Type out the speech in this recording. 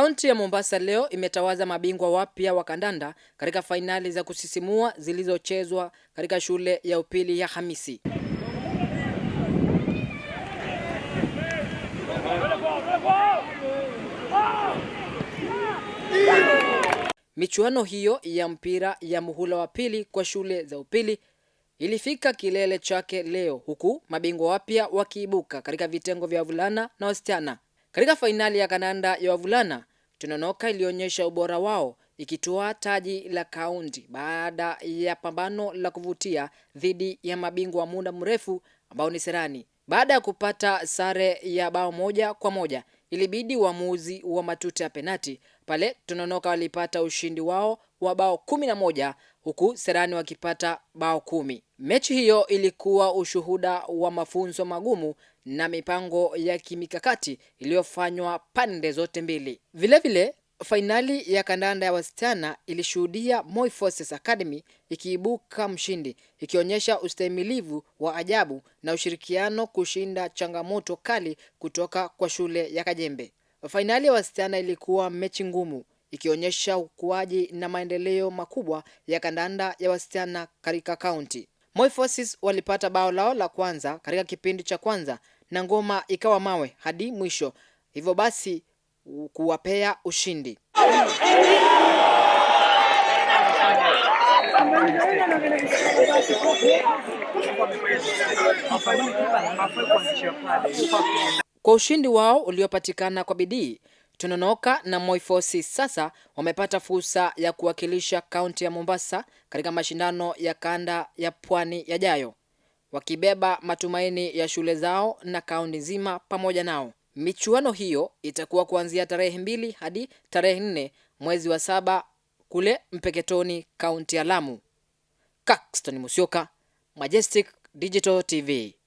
Kaunti ya Mombasa leo imetawaza mabingwa wapya wa kandanda katika fainali za kusisimua zilizochezwa katika shule ya upili ya Hamisi. Michuano hiyo ya mpira ya muhula wa pili kwa shule za upili ilifika kilele chake leo huku mabingwa wapya wakiibuka katika vitengo vya wavulana na wasichana. Katika fainali ya kandanda ya wavulana, Tononoka ilionyesha ubora wao ikitoa taji la kaunti baada ya pambano la kuvutia dhidi ya mabingwa wa muda mrefu ambao ni Serani. Baada ya kupata sare ya bao moja kwa moja, ilibidi uamuzi wa, wa matuta ya penati pale Tononoka walipata ushindi wao wa bao kumi na moja huku Serani wakipata bao kumi. Mechi hiyo ilikuwa ushuhuda wa mafunzo magumu na mipango ya kimikakati iliyofanywa pande zote mbili. Vilevile fainali ya kandanda ya wasichana ilishuhudia Moi Forces Academy ikiibuka mshindi ikionyesha ustahimilivu wa ajabu na ushirikiano kushinda changamoto kali kutoka kwa shule ya Kajembe. Fainali ya wasichana ilikuwa mechi ngumu ikionyesha ukuaji na maendeleo makubwa ya kandanda ya wasichana katika kaunti. Moiforces walipata bao lao la kwanza katika kipindi cha kwanza na ngoma ikawa mawe hadi mwisho, hivyo basi kuwapea ushindi. Kwa ushindi wao uliopatikana kwa bidii Tononoka na Moifosi sasa wamepata fursa ya kuwakilisha kaunti ya Mombasa katika mashindano ya kanda ya pwani yajayo, wakibeba matumaini ya shule zao na kaunti nzima pamoja nao. Michuano hiyo itakuwa kuanzia tarehe mbili hadi tarehe nne mwezi wa saba kule Mpeketoni, kaunti ya Lamu. Kaxton Musyoka, Majestic Digital TV.